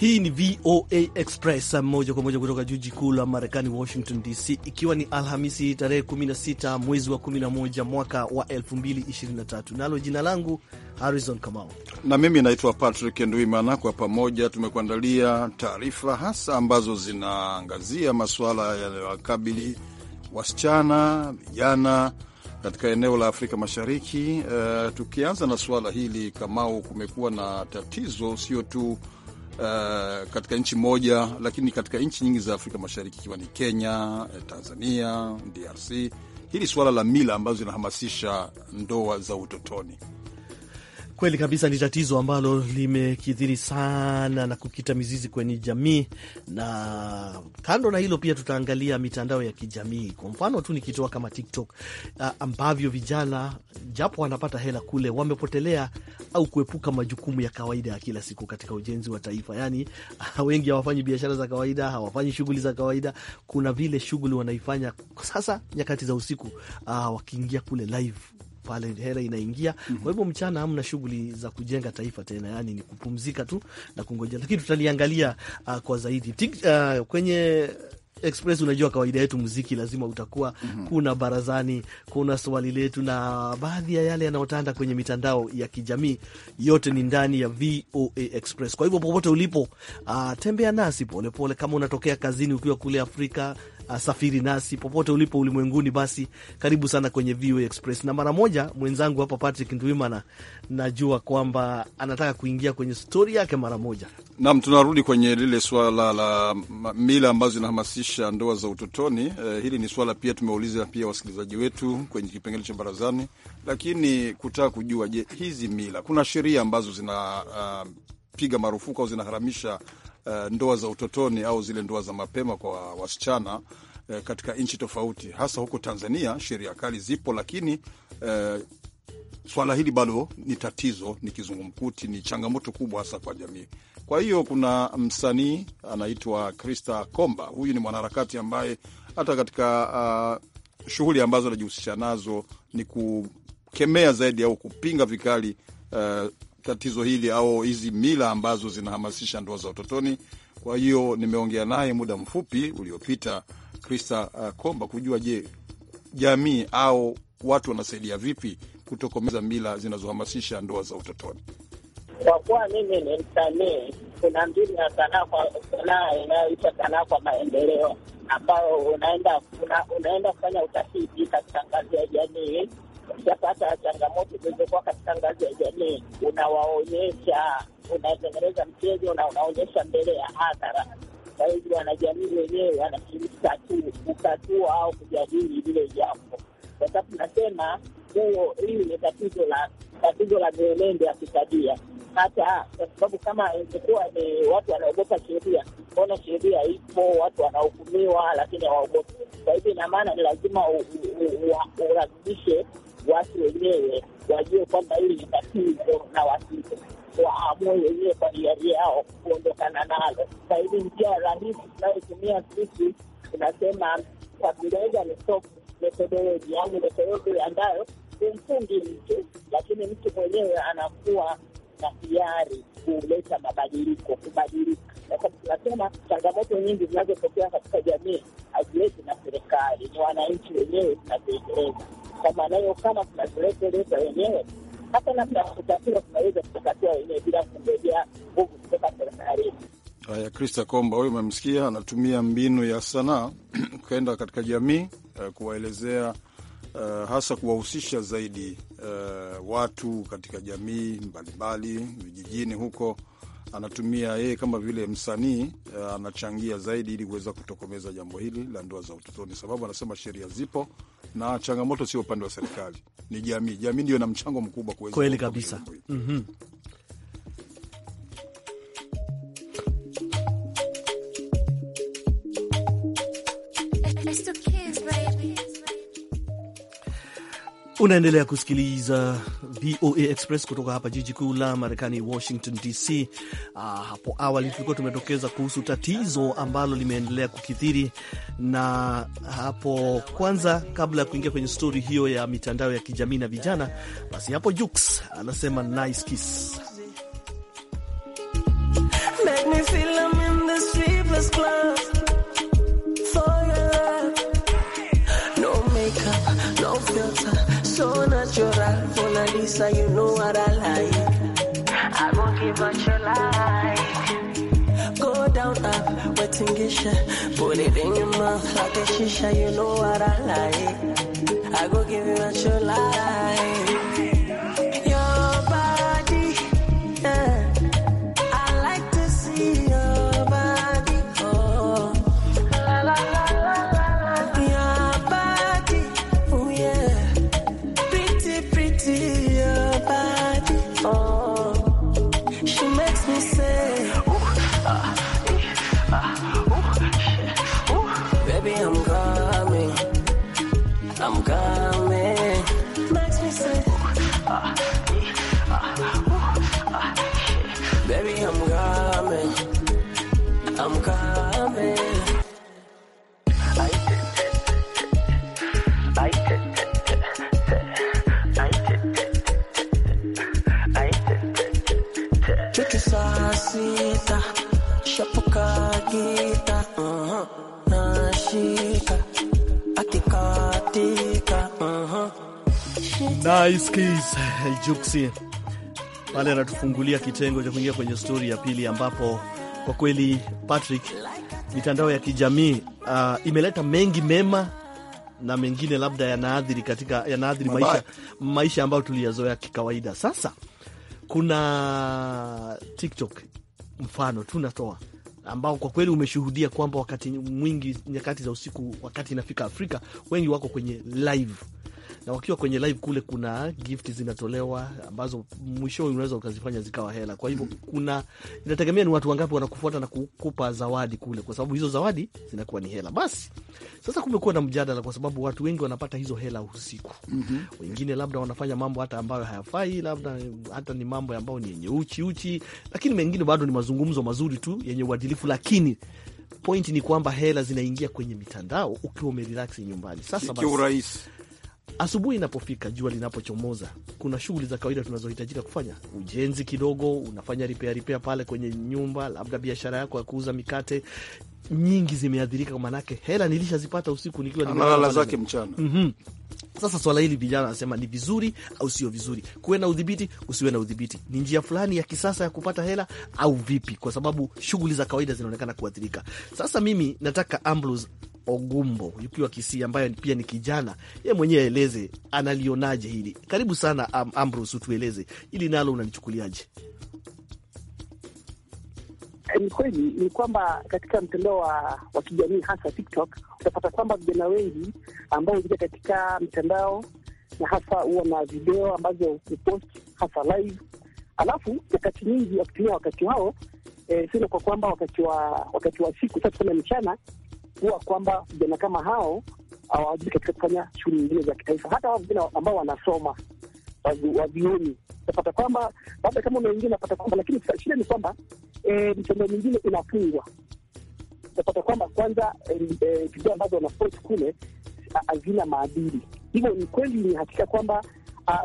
Hii ni VOA Express moja kwa moja kutoka jiji kuu la Marekani, Washington DC, ikiwa ni Alhamisi tarehe 16 mwezi wa 11 mwaka wa 2023, nalo jina langu Harrison Kamau na mimi naitwa Patrick Ndwimana. Kwa pamoja tumekuandalia taarifa hasa ambazo zinaangazia masuala yanayowakabili wasichana, vijana katika eneo la Afrika Mashariki. Uh, tukianza na suala hili Kamau, kumekuwa na tatizo sio tu uh, katika nchi moja, lakini katika nchi nyingi za Afrika Mashariki ikiwa ni Kenya, eh, Tanzania, DRC, hili suala la mila ambazo zinahamasisha ndoa za utotoni Kweli kabisa, ni tatizo ambalo limekithiri sana na kukita mizizi kwenye jamii, na kando na hilo pia tutaangalia mitandao ya kijamii. Kwa mfano tu nikitoa kama TikTok uh, ambavyo vijana japo wanapata hela kule, wamepotelea au kuepuka majukumu ya kawaida ya kila siku katika ujenzi wa taifa. Yani wengi hawafanyi biashara za kawaida, hawafanyi shughuli za kawaida. Kuna vile shughuli wanaifanya sasa nyakati za usiku, uh, wakiingia kule live pale hela inaingia mm -hmm. Kwa mhm. hivyo mchana hamna shughuli za kujenga taifa tena, yani ni kupumzika tu na kungojea, lakini tutaliangalia uh, kwa zaidi Tik, uh, kwenye Express unajua, kawaida yetu muziki lazima utakuwa mm -hmm. Kuna barazani, kuna swali letu na baadhi ya yale yanayotanda kwenye mitandao ya kijamii. Yote ni ndani ya VOA Express. Kwa hivyo popote ulipo, uh, tembea nasi polepole pole, kama unatokea kazini ukiwa kule Afrika safiri nasi popote ulipo ulimwenguni. Basi karibu sana kwenye VOA Express, na mara moja mwenzangu hapa Patrick Ndwimana najua kwamba anataka kuingia kwenye stori yake mara moja. Naam, tunarudi kwenye lile swala la mila ambazo zinahamasisha ndoa za utotoni. Eh, hili ni swala pia tumeuliza pia wasikilizaji wetu kwenye kipengele cha barazani, lakini kutaka kujua, je, hizi mila kuna sheria ambazo zinapiga ah, uh, marufuku au zinaharamisha Eh, ndoa za utotoni au zile ndoa za mapema kwa wasichana eh, katika nchi tofauti, hasa huku Tanzania sheria kali zipo, lakini eh, swala hili bado ni tatizo, ni kizungumkuti, ni changamoto kubwa hasa kwa jamii. Kwa hiyo kuna msanii anaitwa Krista Komba, huyu ni mwanaharakati ambaye hata katika uh, shughuli ambazo anajihusisha nazo ni kukemea zaidi au kupinga vikali uh, tatizo hili au hizi mila ambazo zinahamasisha ndoa za utotoni. Kwa hiyo nimeongea naye muda mfupi uliopita Krista uh, Komba kujua je, jamii au watu wanasaidia vipi kutokomeza mila zinazohamasisha ndoa za utotoni. Kwa kuwa mimi ni msanii, kuna mbinu ya sanaa kwa sanaa inayoitwa sanaa kwa maendeleo, ambayo unaenda una, unaenda kufanya utafiti katika ngazi ya jamii ushapata changamoto zilizokuwa katika ngazi ya jamii, unawaonyesha, unatengeneza mchezo na unaonyesha mbele ya hadhara. Kwa hivyo wanajamii wenyewe wanashirika tu kukatua au kujadili lile jambo, kwa sababu tunasema huo, hili ni tatizo la tatizo la mielende ya kitabia hata kwa sababu kama ingekuwa ni watu wanaogopa sheria, mbona sheria ipo, watu wanahukumiwa, lakini hawaogopi. Kwa hivyo ina maana ni lazima uhakimishe watu wenyewe wajue kwamba hili ni tatizo na wasio waamue wenyewe kwa hiari yao kuondokana nalo. Kwa hivi njia rahisi tunayotumia sisi tunasema kwa Kiingereza ni soft methodology, yaani methodology ambayo humfungi mtu, lakini mtu mwenyewe anakuwa na hiari kuleta mabadiliko, kubadilika, kwa sababu tunasema changamoto nyingi zinazotokea katika jamii haziwezi na serikali, ni wananchi wenyewe tunazitekeleza. Kwa maana hiyo, kama tunazitekeleza wenyewe, hata namna ya kutatua tunaweza kutatatua wenyewe bila kungojea nguvu kutoka serikalini. Haya, Krista Komba huyu umemsikia, anatumia mbinu ya sanaa ukaenda katika jamii eh, kuwaelezea, uh, hasa kuwahusisha zaidi uh, watu katika jamii mbalimbali vijijini huko anatumia yeye kama vile msanii eh, anachangia zaidi ili kuweza kutokomeza jambo hili la ndoa za utotoni, sababu anasema sheria zipo na changamoto sio upande wa serikali, ni jamii. Jamii ndio ina mchango mkubwa kuweza kweli kabisa. mm -hmm. Unaendelea kusikiliza VOA Express kutoka hapa jiji kuu la Marekani, Washington DC. Ah, hapo awali tulikuwa tumetokeza kuhusu tatizo ambalo limeendelea kukithiri, na hapo kwanza, kabla ya kuingia kwenye stori hiyo ya mitandao ya kijamii na vijana, basi hapo Jux anasema nice kiss Put it in your mouth like a shisha, you know what I like. I go give you a cholada. Nice Juksi pale anatufungulia kitengo cha kuingia kwenye stori ya pili, ambapo kwa kweli Patrick, mitandao ya kijamii uh, imeleta mengi mema na mengine labda yanaathiri katika yanaathiri maisha, maisha ambayo tuliyazoea kikawaida. Sasa kuna TikTok mfano tunatoa ambao kwa kweli umeshuhudia kwamba wakati mwingi nyakati za usiku, wakati inafika Afrika, wengi wako kwenye live na wakiwa kwenye live kule kuna gift zinatolewa ambazo mwisho unaweza ukazifanya zikawa hela. Kwa hivyo mm. kuna, inategemea ni watu wangapi wanakufuata na kukupa zawadi kule, kwa sababu hizo zawadi zinakuwa ni hela. Basi sasa kumekuwa na mjadala, kwa sababu watu wengi wanapata hizo hela usiku mm -hmm. Wengine labda wanafanya mambo hata ambayo hayafai, labda hata ni mambo ambayo ni yenye uchi uchi, lakini mengine bado ni mazungumzo mazuri tu yenye uadilifu, lakini pointi ni kwamba hela zinaingia kwenye mitandao ukiwa umerelax nyumbani. Sasa basi Asubuhi inapofika, jua linapochomoza, kuna shughuli za kawaida tunazohitajika kufanya. Ujenzi kidogo, unafanya ripea ripea pale kwenye nyumba, labda biashara yako ya kuuza mikate, nyingi zimeathirika, kwa maanake hela nilishazipata usiku nikiwa nalala zake mchana. mm -hmm. Sasa swala hili vijana anasema ni vizuri au sio vizuri, kuwe na udhibiti, usiwe na udhibiti, ni njia fulani ya kisasa ya kupata hela au vipi? Kwa sababu shughuli za kawaida zinaonekana kuathirika. Sasa mimi nataka Ambrose Ogumbo ukiwa Kisii, ambayo pia ni kijana, ye mwenyewe aeleze analionaje hili. Karibu sana Ambrose, utueleze hili nalo unalichukuliaje? Eh, ni kweli ni kwamba katika mtandao wa, wa kijamii hasa TikTok utapata kwamba vijana wengi ambao huingia katika mtandao na hasa huwa na video ambazo hupost hasa live, alafu wakati nyingi wakitumia wakati wao e, eh, sio kwa kwamba wakati wa wakati wa siku sasa tuseme mchana, huwa kwamba vijana kama hao hawajui katika kufanya shughuli nyingine za kitaifa, hata wao vijana ambao wanasoma wavioni utapata kwamba labda kama umeingia unapata kwamba, lakini shida ni kwamba e, mitandao mingine inafungwa. Utapata kwamba kwanza e, e, video ambazo wanapost kule hazina maadili. Hivyo ni kweli, ni hakika kwamba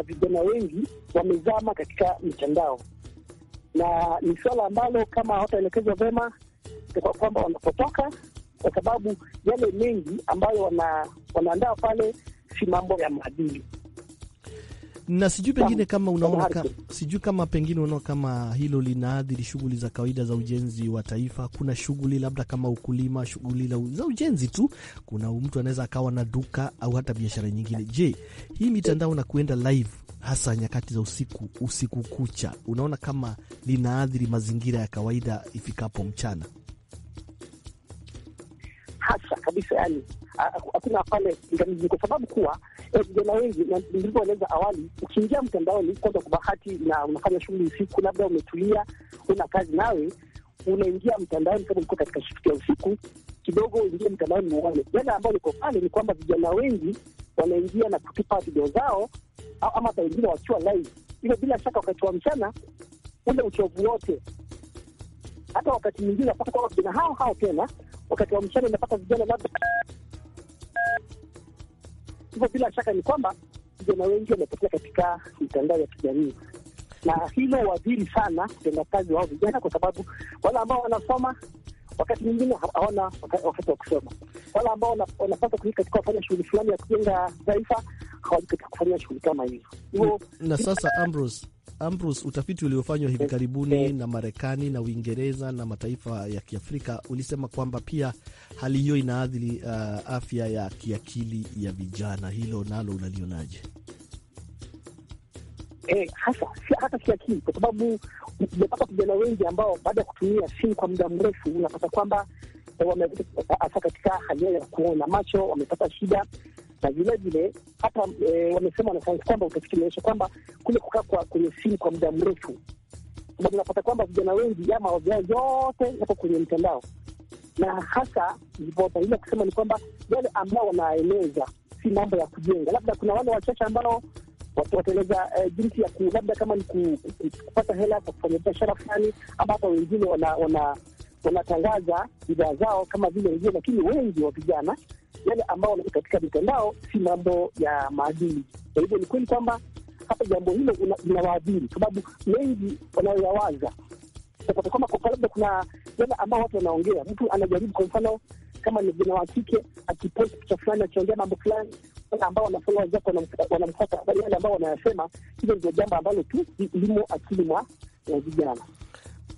vijana wengi wamezama katika mitandao, na ni swala ambalo kama hawataelekezwa kwa kwamba wanapotoka, kwa sababu yale mengi ambayo wanaandaa wana pale si mambo ya maadili na sijui pengine kama unaona ka, sijui kama pengine unaona kama hilo linaathiri shughuli za kawaida za ujenzi wa taifa. Kuna shughuli labda kama ukulima, shughuli za ujenzi tu, kuna mtu anaweza akawa na duka au hata biashara nyingine. Je, hii mitandao na kuenda live hasa nyakati za usiku usiku kucha, unaona kama linaathiri mazingira ya kawaida ifikapo mchana? Hasa kabisa, yani hakuna pale kwa sababu kuwa Eh, vijana wengi, na nilivyoeleza awali, ukiingia mtandaoni kwanza, kwa bahati na unafanya shughuli usiku, labda umetulia, una kazi nawe unaingia mtandaoni, kama ulikuwa katika shift ya usiku kidogo, uingie mtandaoni uone yale ambayo liko pale. Ni kwamba vijana wengi wanaingia na kutupa video zao, ama hata wengine wakiwa live hivyo. Bila shaka wakati wa mchana ule uchovu wote, hata wakati mwingine napata kwamba vijana hao hao tena wakati wa mchana inapata vijana labda Hivyo bila shaka ni kwamba vijana wengi wamepotea katika mitandao ya kijamii, na hilo wadhiri sana utendakazi wao vijana, kwa sababu wale ambao wanasoma wakati mwingine hawana wakati wa kusoma, wale ambao wanapaswa kuii katika kufanya shughuli fulani ya kujenga taifa hawajikatika kufanya shughuli kama hizo. Hivyo na sasa Ambrose Ambrus, utafiti uliofanywa hivi karibuni na Marekani na Uingereza na mataifa ya Kiafrika ulisema kwamba pia hali hiyo inaathiri uh, afya ya kiakili ya vijana. Hilo nalo unalionaje? Eh, hasa hata kiakili, kwa sababu umepata vijana wengi ambao baada ya kutumia simu kwa muda mrefu unapata kwamba hasa katika hali yao ya kuona macho wamepata shida na vile vile hata e, wamesema wanasayansi kwamba utafiti unaonyesha kwamba kule kukaa kwa kwenye simu kwa muda mrefu, sababu unapata kwamba vijana wengi ama wazazi yote yako kwenye mtandao, na hasa ilipotangulia kusema ni kwamba wale ambao wanaeleza si mambo ya kujenga, labda kuna wale wachache ambao wataeleza eh, jinsi ya ku, labda kama ni ku, ku, kupata hela kwa kufanya biashara fulani, ama hata wengine wanatangaza wana, wana bidhaa zao kama vile wengine, lakini wengi wa vijana yale ambayo wanaa katika mitandao si mambo ya maadili. Kwa hivyo ni kweli kwamba hata jambo hilo linawaadhiri, sababu mengi wanayoyawaza utapata kwamba labda kuna yale ambao watu wanaongea, mtu anajaribu, kwa mfano kama ni vijana wa kike akipost picha fulani, akiongea mambo fulani, wale ambao wanafollowa zako wanamfuata, bali yale ambao wanayasema, hilo ndio jambo ambalo tu limo akili mwa vijana.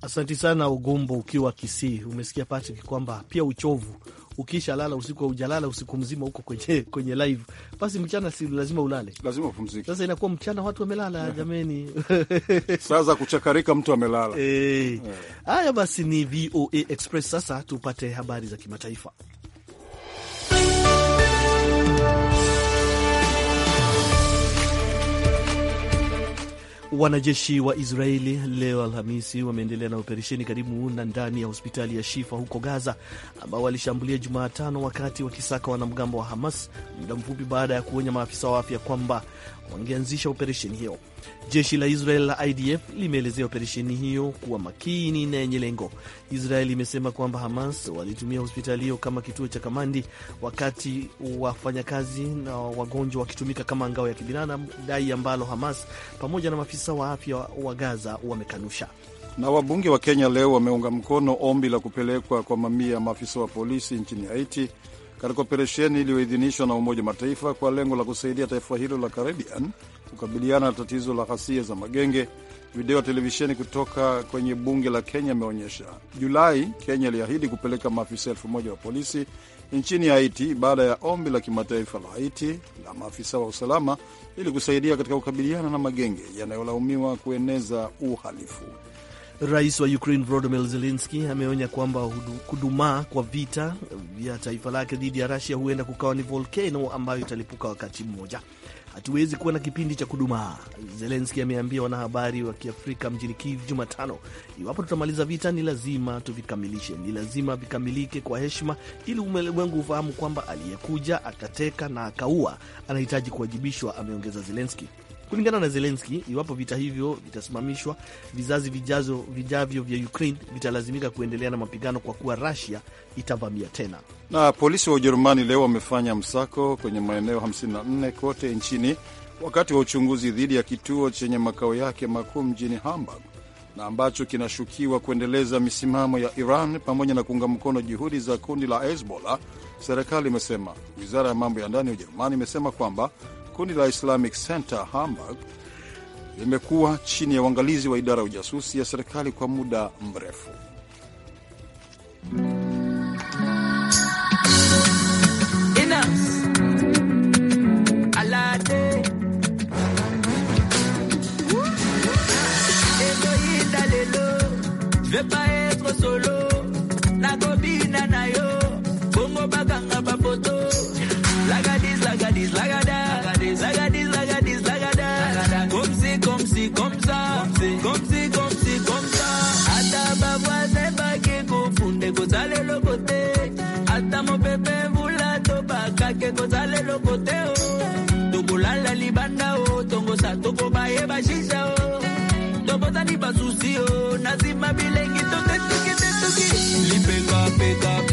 Asanti sana Ugumbo, ukiwa Kisii. Umesikia Patrick kwamba pia uchovu ukisha lala usiku, aujalala usiku mzima huko kwenye, kwenye live, basi mchana si lazima ulale, lazima upumzike. Sasa inakuwa mchana watu wamelala, jameni sasa kuchakarika, mtu amelala. Eh. Eh. Haya, e, Basi ni VOA Express. Sasa tupate habari za kimataifa. Wanajeshi wa Israeli leo Alhamisi wameendelea na operesheni karibu na ndani ya hospitali ya Shifa huko Gaza, ambao walishambulia Jumatano wakati wakisaka wanamgambo wa Hamas muda mfupi baada ya kuonya maafisa wa afya kwamba wangeanzisha operesheni hiyo. Jeshi la Israel la IDF limeelezea operesheni hiyo kuwa makini na yenye lengo. Israel imesema kwamba Hamas walitumia hospitali hiyo kama kituo cha kamandi, wakati wafanyakazi na wagonjwa wakitumika kama ngao ya kibinadamu, dai ambalo Hamas pamoja na maafisa wa afya wa Gaza wamekanusha. Na wabunge wa Kenya leo wameunga mkono ombi la kupelekwa kwa mamia ya maafisa wa polisi nchini Haiti katika operesheni iliyoidhinishwa na Umoja Mataifa kwa lengo la kusaidia taifa hilo la Caribbean kukabiliana na tatizo la ghasia za magenge. Video ya televisheni kutoka kwenye bunge la Kenya imeonyesha Julai, Kenya iliahidi kupeleka maafisa elfu moja wa polisi nchini Haiti baada ya ombi la kimataifa la Haiti la maafisa wa usalama ili kusaidia katika kukabiliana na magenge yanayolaumiwa kueneza uhalifu. Rais wa Ukraine Volodymyr Zelensky ameonya kwamba kudumaa kwa vita vya taifa lake dhidi ya Russia huenda kukawa ni volcano ambayo italipuka wakati mmoja. Hatuwezi kuwa na kipindi cha kudumaa, Zelenski ameambia wanahabari wa Kiafrika mjini Kiev Jumatano. Iwapo tutamaliza vita, ni lazima tuvikamilishe, ni lazima vikamilike kwa heshima, ili ulimwengu ufahamu kwamba aliyekuja akateka na akaua anahitaji kuwajibishwa, ameongeza Zelenski. Kulingana na zelenski iwapo vita hivyo vitasimamishwa, vizazi vijazo vijavyo vya Ukraine vitalazimika kuendelea na mapigano kwa kuwa rasia itavamia tena. Na polisi wa Ujerumani leo wamefanya msako kwenye maeneo 54 kote nchini wakati wa uchunguzi dhidi ya kituo chenye makao yake makuu mjini Hamburg na ambacho kinashukiwa kuendeleza misimamo ya Iran pamoja na kuunga mkono juhudi za kundi la Hezbollah. Serikali imesema. Wizara ya mambo ya ndani ya Ujerumani imesema kwamba Kundi la Islamic Center Hamburg limekuwa chini ya uangalizi wa idara ya ujasusi ya serikali kwa muda mrefu. ndenge tozala eloko te o tokolala libanda o tongosa tokobaye bashisha o tobotani basusi o na nsima bilengi totetuki tetuki lipekapekap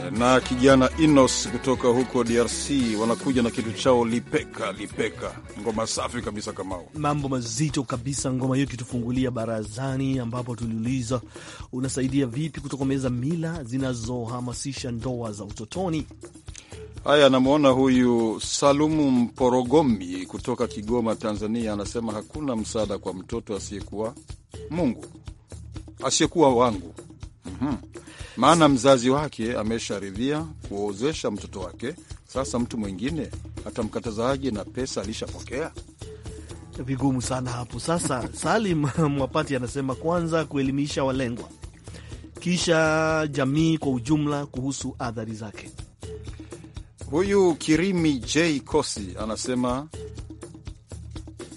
na kijana Inos kutoka huko DRC wanakuja na kitu chao lipeka lipeka, ngoma safi kabisa. kama mambo mazito kabisa, ngoma hiyo kitufungulia barazani, ambapo tuliuliza unasaidia vipi kutokomeza mila zinazohamasisha ndoa za utotoni. Haya, anamwona huyu Salumu Mporogomi kutoka Kigoma, Tanzania, anasema hakuna msaada kwa mtoto asiyekuwa Mungu asiyekuwa wangu. mm -hmm maana mzazi wake amesharidhia kuozesha mtoto wake. Sasa mtu mwingine atamkatazaje? na pesa alishapokea. Vigumu sana hapo sasa. Salim Mwapati anasema kwanza kuelimisha walengwa, kisha jamii kwa ujumla kuhusu athari zake. Huyu Kirimi J Kosi anasema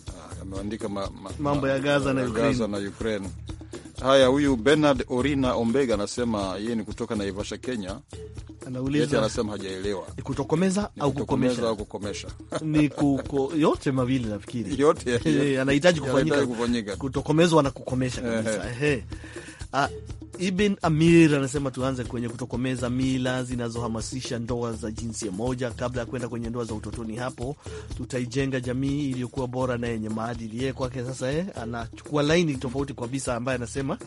ah, ameandika ma, ma, mambo ya Gaza na Ukraine, Gaza na Ukraine. Haya, huyu Bernard Orina Ombega anasema yeye ni kutoka Naivasha, Kenya. Anauliza, anasema hajaelewa ni kutokomeza au kukomesha au kukomesha ni kuko, yote mawili nafikiri yote, anahitaji kufanyika, kutokomezwa na kukomesha kabisa. Ah, Ibn Amir anasema tuanze kwenye kutokomeza mila zinazohamasisha ndoa za jinsia moja kabla ya kwenda kwenye ndoa za utotoni. Hapo tutaijenga jamii iliyokuwa bora na yenye maadili. Yeye kwake sasa, eh, anachukua laini tofauti kabisa, ambaye anasema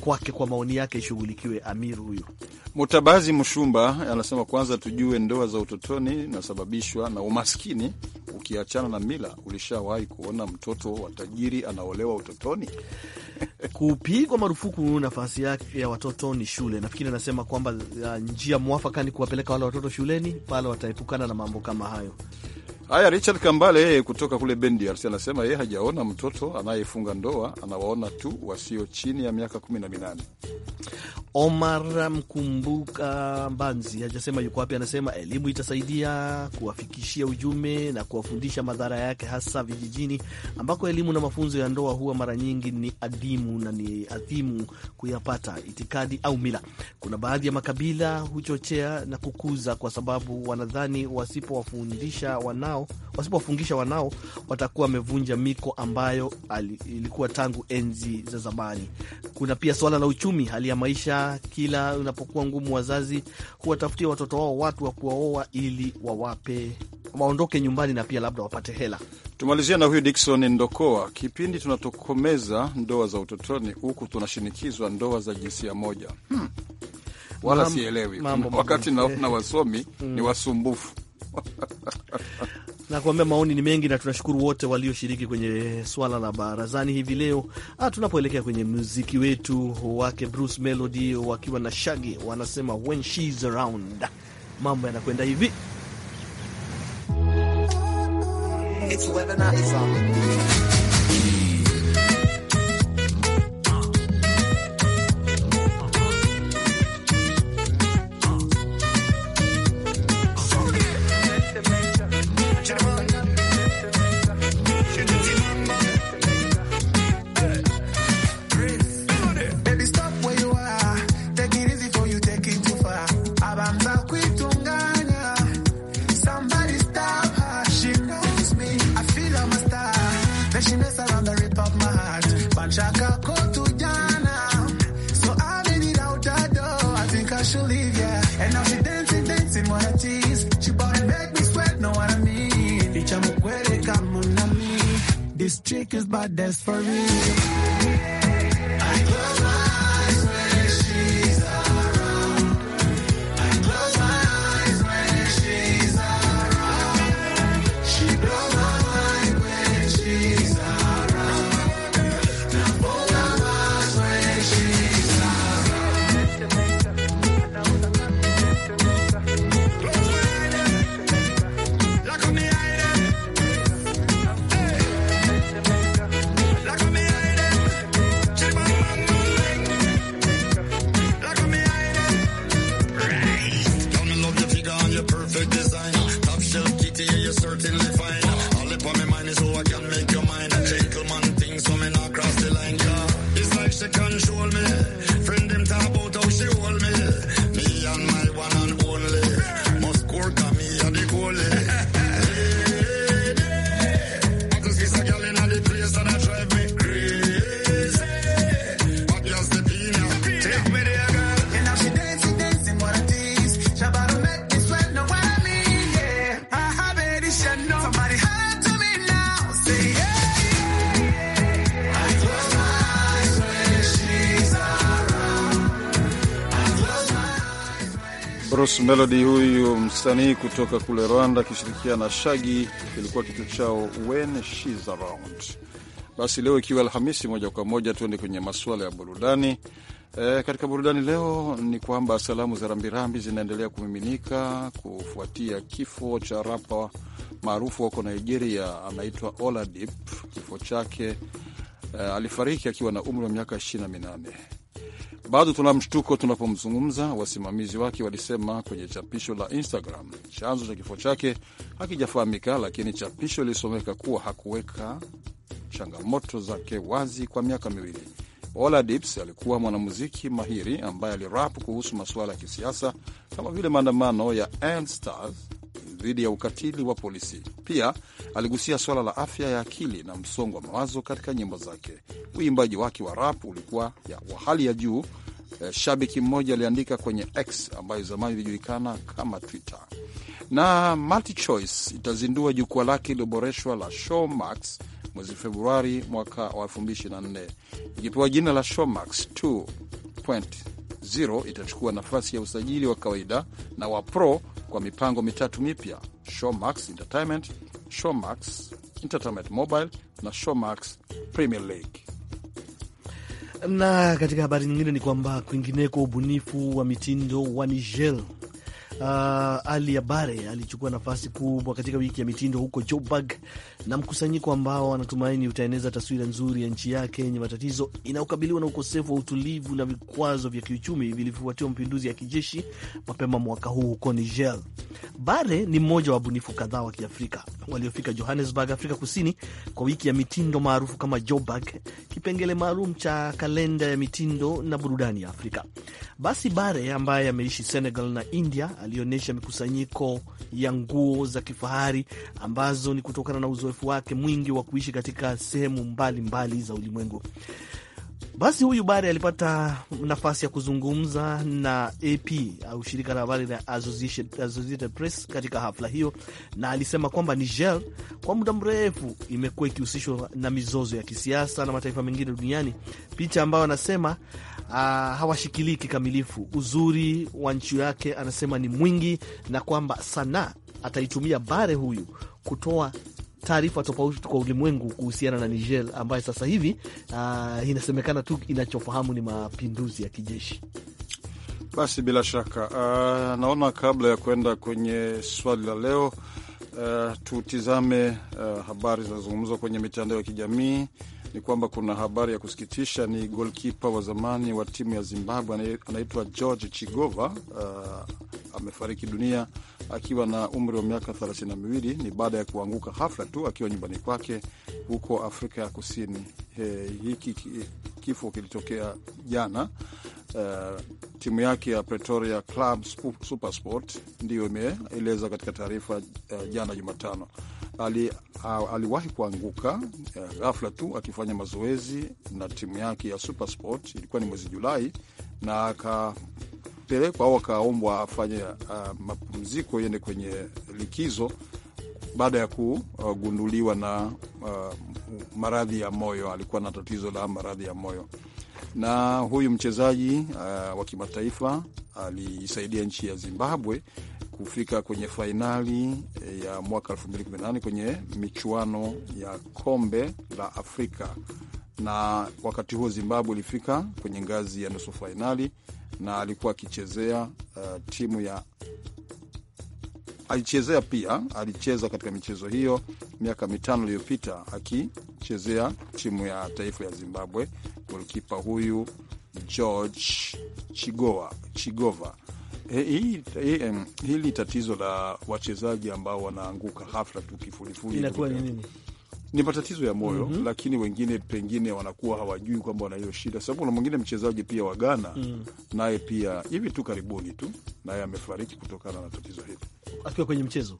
kwake, kwa maoni yake, ishughulikiwe. Amir huyu Mutabazi Mshumba anasema kwanza tujue ndoa za utotoni nasababishwa na umaskini. Ukiachana na mila, ulishawahi kuona mtoto wa tajiri anaolewa utotoni? kupigwa marufuku nafasi yake ya watoto ni shule. Nafikiri anasema kwamba uh, njia mwafaka ni kuwapeleka wale watoto shuleni, pale wataepukana na mambo kama hayo. Haya, Richard Kambale yeye eh, kutoka kule Bendiars anasema yeye eh, hajaona mtoto anayefunga ndoa, anawaona tu wasio chini ya miaka kumi na minane. Omar Mkumbuka Mbanzi hajasema yuko wapi, anasema elimu itasaidia kuwafikishia ujumbe na kuwafundisha madhara yake, hasa vijijini ambako elimu na mafunzo ya ndoa huwa mara nyingi ni adimu na ni adhimu kuyapata. Itikadi au mila, kuna baadhi ya makabila huchochea na kukuza, kwa sababu wanadhani wasipowafundisha wanao wanao, wasipowafungisha wanao watakuwa wamevunja miko ambayo ilikuwa tangu enzi za zamani. Kuna pia swala la uchumi, hali ya maisha kila unapokuwa ngumu, wazazi huwatafutia watoto wao watu wa kuwaoa ili wawape waondoke nyumbani na pia labda wapate hela. Tumalizia na huyu Dikson Ndokoa. Kipindi tunatokomeza ndoa za utotoni, huku tunashinikizwa ndoa za jinsia moja. Hmm, wala sielewi wakati naona wasomi hmm, ni wasumbufu na kuambia maoni ni mengi, na tunashukuru wote walioshiriki kwenye swala la barazani hivi leo, ah, tunapoelekea kwenye muziki wetu wake Bruce Melody wakiwa na Shaggy, wanasema when she's around. Mambo yanakwenda hivi It's that's for Bruce Melody, huyu msanii kutoka kule Rwanda akishirikiana na Shagi, kilikuwa kitu chao When She's Around. Basi leo ikiwa Alhamisi, moja kwa moja tuende kwenye masuala ya burudani. E, katika burudani leo ni kwamba salamu za rambirambi zinaendelea kumiminika kufuatia kifo cha rapa maarufu huko Nigeria, anaitwa Oladip. Kifo chake e, alifariki akiwa na umri wa miaka ishirini na minane bado tuna mshtuko tunapomzungumza. Wasimamizi wake walisema kwenye chapisho la Instagram. Chanzo cha kifo chake hakijafahamika, lakini chapisho lilisomeka kuwa hakuweka changamoto zake wazi kwa miaka miwili. Ola Dips alikuwa mwanamuziki mahiri ambaye alirap kuhusu masuala ya kisiasa kama vile maandamano ya All Stars dhidi ya ukatili wa polisi. Pia aligusia suala la afya ya akili na msongo wa mawazo katika nyimbo zake. Uimbaji wake wa rap ulikuwa wa hali ya juu. E, shabiki mmoja aliandika kwenye X ambayo zamani ilijulikana kama Twitter. Na MultiChoice itazindua jukwaa lake iliyoboreshwa la Showmax mwezi Februari mwaka wa 2024 ikipewa jina la Showmax 2.0 itachukua nafasi ya usajili wa kawaida na wa pro kwa mipango mitatu mipya: Showmax Entertainment, Showmax Entertainment Mobile na Showmax Premier League. Na katika habari nyingine ni kwamba kwingineko, ubunifu wa mitindo wa Niger uh, Ali Abare alichukua nafasi kubwa katika wiki ya mitindo huko Joburg na mkusanyiko ambao anatumaini utaeneza taswira nzuri ya nchi yake yenye matatizo inayokabiliwa na ukosefu wa utulivu na vikwazo vya kiuchumi vilivyofuatiwa mapinduzi ya kijeshi mapema mwaka huu huko Niger. Bare ni mmoja wa wabunifu kadhaa wa Kiafrika waliofika Johannesburg, Afrika Kusini, kwa wiki ya mitindo maarufu kama Joburg, kipengele maalum cha kalenda ya mitindo na burudani ya Afrika. Basi Bare ambaye ameishi Senegal na India alionyesha mikusanyiko ya nguo za kifahari ambazo ni kutokana na uzoefu wake mwingi wa kuishi katika sehemu mbalimbali za ulimwengu. Basi huyu Bare alipata nafasi ya kuzungumza na AP au shirika la habari la Associated Press katika hafla hiyo, na alisema kwamba Niger kwa muda mrefu imekuwa ikihusishwa na mizozo ya kisiasa na mataifa mengine duniani, picha ambayo anasema uh, hawashikilii kikamilifu. Uzuri wa nchi yake anasema ni mwingi, na kwamba sanaa ataitumia bare huyu kutoa taarifa tofauti kwa ulimwengu kuhusiana na Niger ambayo sasa hivi uh, inasemekana tu inachofahamu ni mapinduzi ya kijeshi. Basi bila shaka uh, naona kabla ya kwenda kwenye swali la leo uh, tutizame uh, habari zinazozungumzwa kwenye mitandao ya kijamii ni kwamba kuna habari ya kusikitisha. Ni golkipa wa zamani wa timu ya Zimbabwe anaitwa George Chigova, uh, amefariki dunia akiwa na umri wa miaka thelathini na miwili. Ni baada ya kuanguka hafla tu akiwa nyumbani kwake huko Afrika ya Kusini. Eh, hiki kifo kilitokea jana Uh, timu yake ya Pretoria Club Supersport ndiyo imeeleza katika taarifa uh, jana Jumatano ali, uh, aliwahi kuanguka uh, ghafla tu akifanya mazoezi na timu yake ya Supersport, ilikuwa ni mwezi Julai, na akapelekwa au akaombwa afanye uh, mapumziko, iende kwenye likizo baada ya kugunduliwa na uh, maradhi ya moyo. Alikuwa na tatizo la maradhi ya moyo na huyu mchezaji uh, wa kimataifa aliisaidia nchi ya Zimbabwe kufika kwenye fainali eh, ya mwaka 2018 kwenye michuano ya kombe la Afrika, na wakati huo Zimbabwe ilifika kwenye ngazi ya nusu fainali na alikuwa akichezea uh, timu ya alichezea pia, alicheza katika michezo hiyo miaka mitano iliyopita akichezea timu ya taifa ya Zimbabwe. Golkipa huyu George Chigoa, Chigova. Eh, hili tatizo la wachezaji ambao wanaanguka hafla tu kifulifuli, inakuwa ni nini? ni matatizo ya moyo mm -hmm. Lakini wengine pengine wanakuwa hawajui kwamba wana hiyo shida, sababu kuna mwingine mchezaji pia wa Ghana mm. naye pia hivi tu karibuni tu naye amefariki kutokana na tatizo hili akiwa kwenye mchezo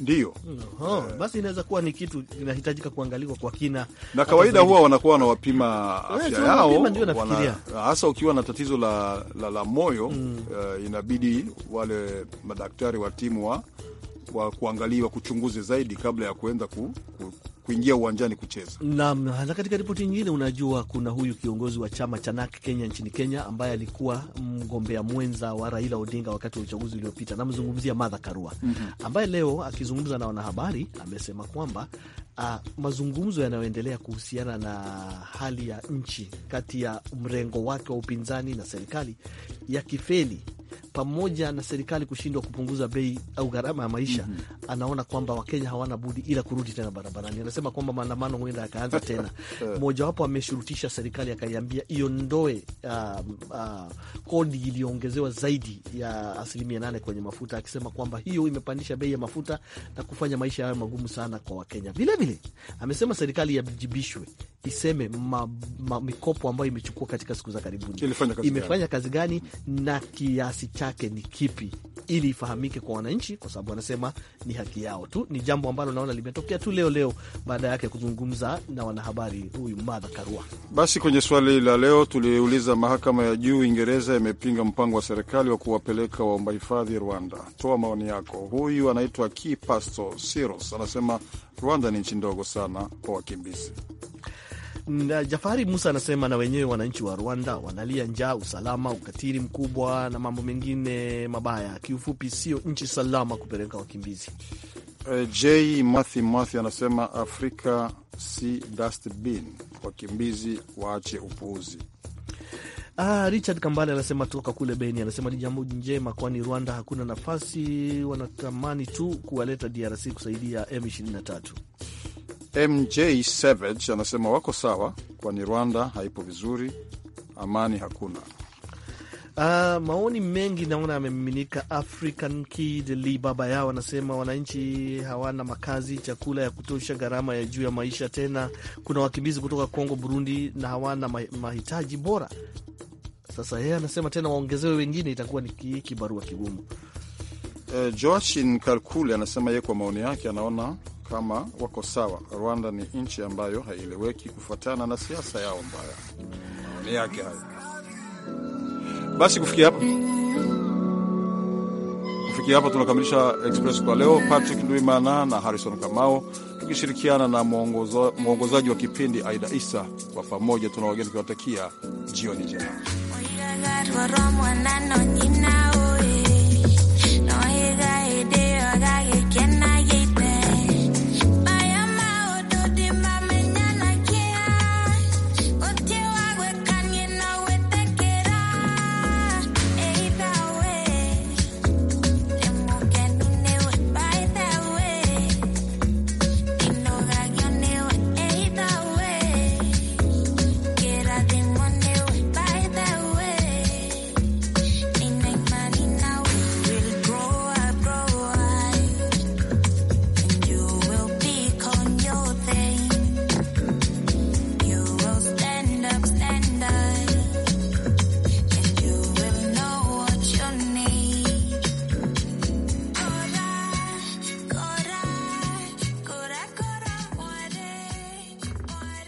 ndiyo. Oho, yeah. Basi inaweza kuwa ni kitu kinahitajika kuangaliwa kwa kina, na kawaida huwa wanakuwa wanawapima eh, afya yao hasa ukiwa na tatizo la, la, la moyo mm. Uh, inabidi wale madaktari wa timu wa kuangaliwa kuchunguze zaidi kabla ya kuenda ku, ku, kuingia uwanjani kucheza. Naam, na katika ripoti nyingine, unajua kuna huyu kiongozi wa chama cha NAK Kenya nchini Kenya ambaye alikuwa mgombea mwenza wa Raila Odinga wakati wa uchaguzi uliopita, namzungumzia Martha Karua mm -hmm. ambaye leo akizungumza na wanahabari amesema kwamba a, ah, mazungumzo yanayoendelea kuhusiana na hali ya nchi kati ya mrengo wake wa upinzani na serikali yakifeli pamoja na serikali kushindwa kupunguza bei au gharama ya maisha mm -hmm. Anaona kwamba Wakenya hawana budi ila kurudi tena barabarani. Anasema kwamba maandamano huenda yakaanza tena. mojawapo ameshurutisha serikali akaiambia iondoe uh, uh, kodi iliyoongezewa zaidi ya asilimia nane kwenye mafuta, akisema kwamba hiyo imepandisha bei ya mafuta na kufanya maisha yayo magumu sana kwa Wakenya. Vilevile amesema serikali yajibishwe iseme ma, ma, mikopo ambayo imechukua katika siku za karibuni imefanya kazi gani na kiasi chake ni kipi, ili ifahamike kwa wananchi, kwa sababu wanasema ni haki yao tu. Ni jambo ambalo naona limetokea tu leo leo baada yake kuzungumza na wanahabari huyu Martha Karua. Basi kwenye swali la leo tuliuliza, mahakama ya juu Uingereza imepinga mpango wa serikali wa kuwapeleka waomba hifadhi Rwanda. Toa maoni yako. Huyu anaitwa Kipasto Siros anasema Rwanda ni nchi ndogo sana kwa wakimbizi. Jafari Musa anasema na wenyewe wananchi wa Rwanda wanalia njaa, usalama, ukatili mkubwa na mambo mengine mabaya. Kiufupi, sio nchi salama kupeleka wakimbizi. Eh, J Mathi Mathi anasema Afrika si dustbin, wakimbizi waache upuuzi. Ah, Richard Kambale anasema toka kule Beni, anasema ni jambo njema, kwani Rwanda hakuna nafasi, wanatamani tu kuwaleta DRC kusaidia M23. MJ Savage anasema wako sawa, kwani Rwanda haipo vizuri, amani hakuna. Uh, maoni mengi naona yamemiminika. African Kid Li baba yao anasema wananchi hawana makazi, chakula ya kutosha, gharama ya juu ya maisha, tena kuna wakimbizi kutoka Kongo, Burundi na hawana mahitaji bora. Sasa yeye anasema tena waongezewe wengine, itakuwa ni kibarua kigumu. Uh, eh, Joachin Kalkule anasema yeye kwa maoni yake anaona kama wako sawa. Rwanda ni nchi ambayo haieleweki kufuatana na siasa yao mbaya. Maoni yake hayo. Basi kufikia hapa kufikia hapa tunakamilisha Express kwa leo. Patrick Ndwimana na Harrison kamao tukishirikiana na mwongozaji wa kipindi Aida Isa, kwa pamoja tunawageni tukiwatakia jioni njema.